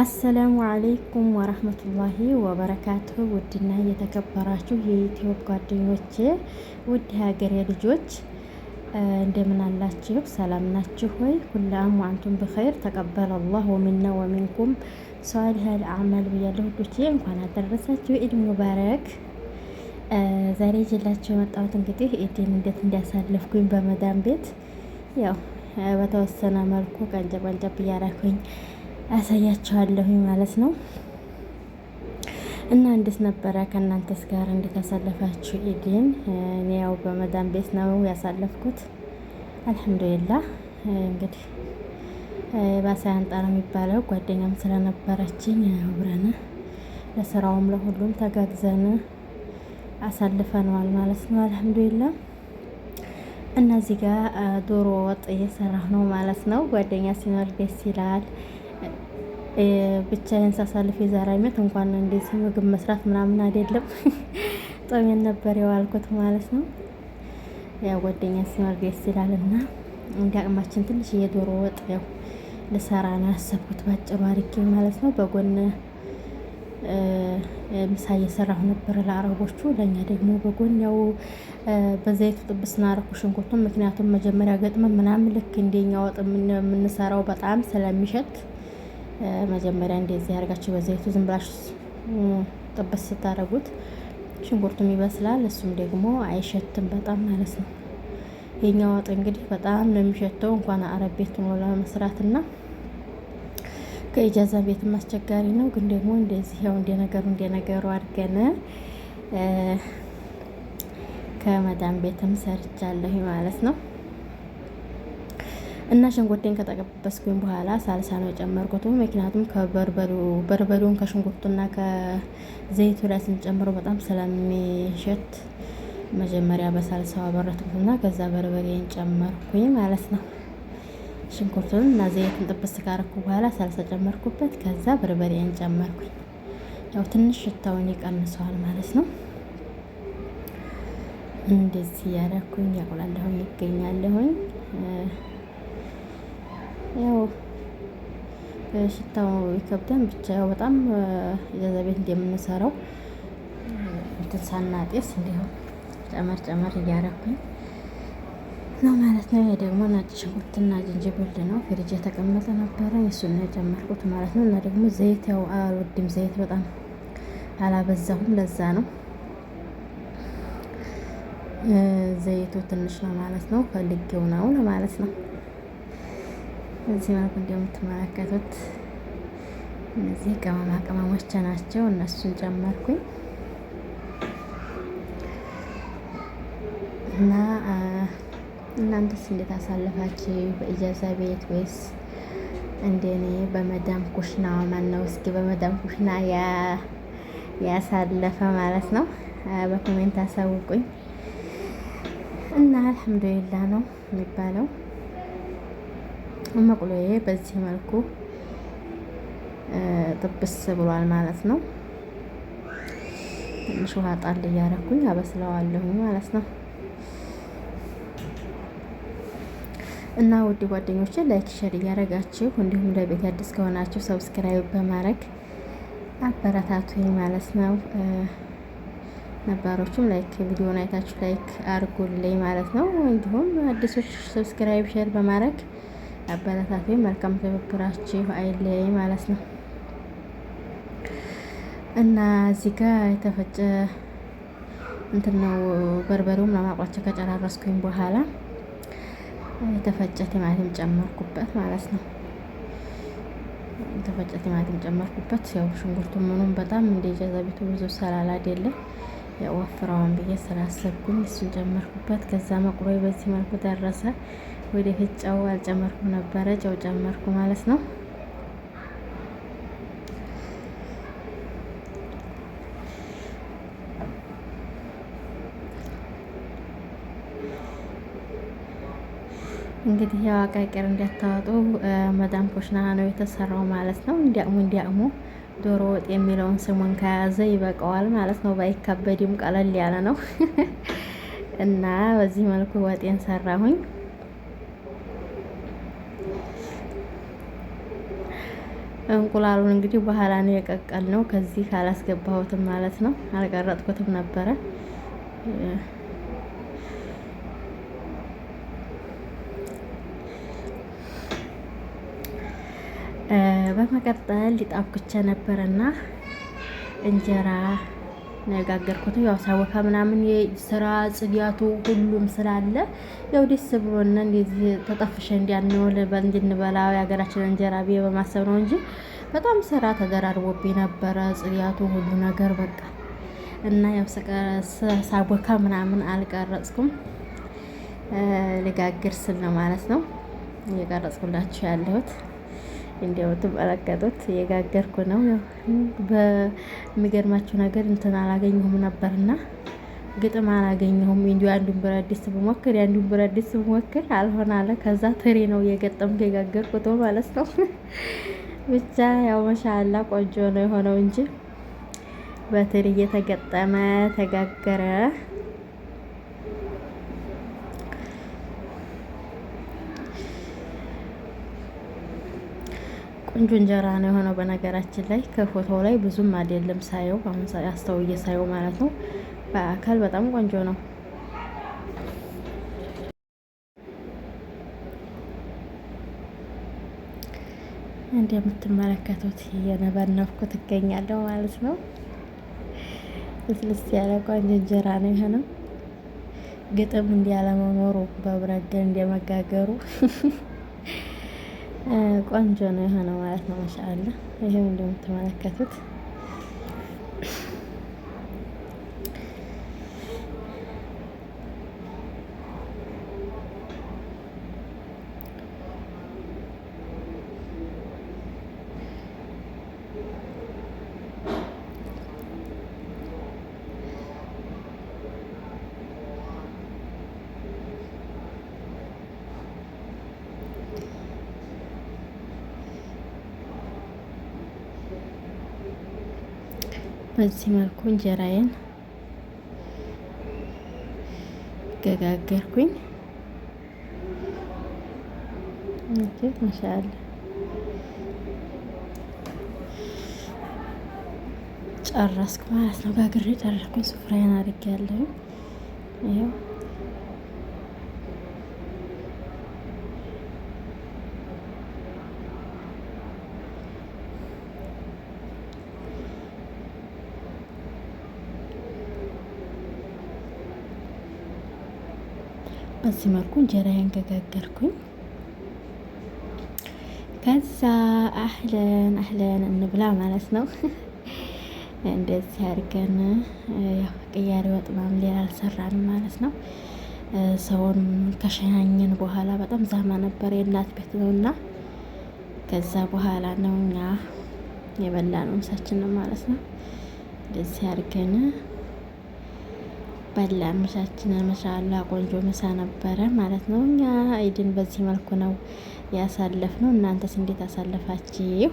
አሰላሙ አለይኩም ወረህመቱላሂ ወበረካቱ። ውድና እየተከበራችሁ የኢትዮጵያ ጓደኞቼ፣ ውድ ሀገሬ ልጆች እንደምን አላችሁ? ሰላም ናችሁ ወይ? ሁላም ዋንቱም ብኸይር ተቀበለ አላህ ወሚና ወሚንኩም ሷሊሃል አዕማል ብያለሁ። ሁዶቼ እንኳን አደረሳችሁ ኢድ ሙባረክ። ዛሬ ይዤላችሁ የመጣሁት እንግዲህ ኢድን እንዴት እንዲያሳለፍኩኝ በመዳም ቤት ያው በተወሰነ መልኩ ቀንጨብ ቀንጨብ እያላኩኝ አሳያቸዋለሁ ማለት ነው። እና እንዴት ነበረ? ከእናንተስ ጋር እንዴት አሳለፋችሁ ኢድን? እኔ ያው በመዳን ቤት ነው ያሳለፍኩት። አልሐምዱሊላህ እንግዲህ ባሳ ያንጣ የሚባለው። ጓደኛም ስለነበረችኝ አብረን ለስራውም ለሁሉም ተጋግዘን አሳልፈነዋል ማለት ነው። አልሐምዱሊላህ እና እዚህ ጋር ዶሮ ወጥ እየሰራሁ ነው ማለት ነው። ጓደኛ ሲኖር ደስ ይላል። ብቻዬን ሳሳልፍ የዛሬ ዓመት እንኳን እንደዚህ ምግብ መስራት ምናምን አይደለም ጾሜን ነበር የዋልኩት ማለት ነው። ያው ጓደኛ ሲኖር ደስ ይላል እና እንደ አቅማችን ትንሽ የዶሮ ወጥ ያው ልሰራ ነው ያሰብኩት ባጭሩ አድርጌ ማለት ነው። በጎን ምሳ እየሰራሁ ነበር ለአረቦቹ፣ ለእኛ ደግሞ በጎን ያው በዘይቱ ጥብስ ናረኩ ሽንኩርቱን። ምክንያቱም መጀመሪያ ገጥመን ምናምን ልክ እንደኛ ወጥ የምንሰራው በጣም ስለሚሸት መጀመሪያ እንደዚህ አድርጋችሁ በዘይቱ ዝም ብላችሁ ጥብስ ስታደርጉት ሽንኩርቱም ይበስላል። እሱም ደግሞ አይሸትም በጣም ማለት ነው። የኛ ወጥ እንግዲህ በጣም ነው የሚሸተው እንኳን አረብ ቤት ሆኖ ለመስራትና ከኢጃዛ ቤትም አስቸጋሪ ነው። ግን ደግሞ እንደዚህ ያው እንደነገሩ እንደነገሩ አድርገን ከመዳን ቤትም ሰርቻለሁ ማለት ነው። እና ሽንኩርቴን ከጠቀበስኩኝ በኋላ ሳልሳ ነው የጨመርኩት። ምክንያቱም በርበሬውን ከሽንኩርቱና ከዘይቱ ላይ ስንጨምረው በጣም ስለሚሸት መጀመሪያ በሳልሳው አበረትኩትና ከዛ በርበሬን ጨመርኩኝ ማለት ነው። ሽንኩርቱን እና ዘይቱን ጥብስ ካረኩ በኋላ ሳልሳ ጨመርኩበት። ከዛ በርበሬን ጨመርኩኝ። ያው ትንሽ ሽታውን ይቀንሰዋል ማለት ነው። እንደዚህ ያደረኩኝ ያቁላለሁኝ ይገኛለሁኝ ያው ሽታው ይከብደን ብቻ ያው በጣም እዛ ቤት እንደምንሰራው እንትን ሳናጤስ እንዲሁም ጨመር ጨመር እያረኩኝ ነው ማለት ነው። ይሄ ደግሞ ነጭ ሽንኩርትና ዝንጅብል ነው። ፍሪጅ የተቀመጠ ነበረ የሱን ነው የጨመርኩት ማለት ነው። እና ደግሞ ዘይት ያው አልወድም ዘይት በጣም አላበዛሁም። ለዛ ነው ዘይቱ ትንሽ ነው ማለት ነው። ፈልጌው ነው ለማለት ነው። በዚህ መልኩ እንደምትመለከቱት እነዚህ ቅመማ ቅመሞች ናቸው። እነሱን ጨመርኩኝ እና እናንተስ እንዴት አሳለፋችሁ? በእጃዛ ቤት ወይስ እንደኔ በመዳም ኩሽና ማነው? እስኪ በመዳም ኩሽና ያሳለፈ ማለት ነው። በኮሜንት አሳውቁኝ እና አልሐምዱሊላ ነው የሚባለው። መቁሎዬ በዚህ መልኩ ጥብስ ብሏል ማለት ነው። ትንሽ ውሃ ጣል እያረኩኝ አበስለዋለሁ ማለት ነው። እና ውድ ጓደኞቼ ላይክ ሸር እያደረጋችሁ እንዲሁም ለቤት አዲስ ከሆናችሁ ሰብስክራይብ በማድረግ አበረታቱኝ ማለት ነው። ነባሮቹም ላይክ ቪዲዮን አይታችሁ ላይክ አድርጉልኝ ማለት ነው። እንዲሁም አዲሶች ሰብስክራይብ ሸር በማድረግ አበረታቱ። መልካም ትብብራችሁ አይለይ ማለት ነው እና እዚህ ጋር የተፈጨ እንትን ነው በርበሬውም ለማቋቸው ከጨራረስኩኝ በኋላ የተፈጨ ቲማቲም ጨመርኩበት ማለት ነው። የተፈጨ ቲማቲም ጨመርኩበት። ያው ሽንኩርቱ ምኑም በጣም እንደ ጀዘቢቱ ብዙ ሰላላ አይደለም ያው ወፍራውን ብዬ ስላሰብኩኝ እሱን ጨመርኩበት። ከዛ መቁረይ በዚህ መልኩ ደረሰ። ወደፊት ጨው አልጨመርኩም ነበረ፣ ጨው ጨመርኩ ማለት ነው። እንግዲህ ያው አቃቂር እንዲያታወጡ መዳም ኮሽና ነው የተሰራው ማለት ነው። እንዲያቅሙ እንዲያቅሙ ዶሮ ወጥ የሚለውን ስሙን ከያዘ ይበቃዋል ማለት ነው። ባይካበድም ቀለል ያለ ነው እና በዚህ መልኩ ወጤን ሰራሁኝ። እንቁላሉን እንግዲህ በኋላ ነው የቀቀል ነው። ከዚህ አላስገባሁትም ማለት ነው፣ አልቀረጥኩትም ነበረ። በመቀጠል ሊጣብኩቸ ነበረና እንጀራ ነጋገርኩት። ያው ሳወካ ምናምን የስራ ጽዳቱ ሁሉም ስላለ ያው ደስ ብሎና እንደዚህ ተጠፍሸ እንዲያንውል እንድንበላ የሀገራችን እንጀራ ብዬ በማሰብ ነው እንጂ በጣም ስራ ተደራርቦብኝ ነበረ። ጽዳቱ ሁሉ ነገር በቃ እና ያው ሳወካ ምናምን አልቀረጽኩም። ልጋግር ስል ነው ማለት ነው እየቀረጽኩላችሁ ያለሁት። እንደምትመለከቱት የጋገርኩ ነው። በሚገርማችሁ ነገር እንትን አላገኘሁም ነበርና ግጥም አላገኘሁም። እንዲሁ አንዱን ብረት ድስት ብሞክር የአንዱን ብረት ድስት ብሞክር አልሆን አለ። ከዛ ትሪ ነው እየገጠምኩ የጋገርኩት ማለት ነው። ብቻ ያው መሻላ ቆንጆ ነው የሆነው እንጂ በትሪ እየተገጠመ ተጋገረ። ቆንጆ እንጀራ ነው የሆነው። በነገራችን ላይ ከፎቶው ላይ ብዙም አይደለም ሳየው፣ አሁን አስተውዬ ሳየው ማለት ነው። በአካል በጣም ቆንጆ ነው። እንደምትመለከቱት እየነበነብኩ ትገኛለው ማለት ነው። ልስልስ ያለ ቆንጆ እንጀራ ነው የሆነው። ግጥም እንዲያለመኖሩ በብረት ድስት እንደመጋገሩ ቆንጆ ነው የሆነው ማለት ነው። ማሻአላ ይሄው እንደምትመለከቱት በዚህ መልኩ እንጀራዬን ገጋገርኩኝ። እንዴት መሻለ ጨረስኩ ማለት ነው። ጋግሬ ጨረስኩኝ። ሱፍራዬን አድርጌያለሁ። ይኸው በዚህ መልኩ እንጀራዬን ገጋገርኩኝ። ከዛ አህለን አህለን እንብላ ማለት ነው። እንደዚህ አድርገን ያው ቅያሪ ወጥ ምናምን ሌላ አልሰራንም ማለት ነው። ሰውን ከሸኛኝን በኋላ በጣም ዛማ ነበር፣ የእናት ቤት ነው እና ከዛ በኋላ ነው እኛ የበላ ምሳችን ነው ማለት ነው። እንደዚህ አድርገን በላ ምሳችን መሻላ ቆንጆ ምሳ ነበረ ማለት ነው። እኛ ኢድን በዚህ መልኩ ነው ያሳለፍነው። እናንተስ እንዴት አሳለፋችሁ?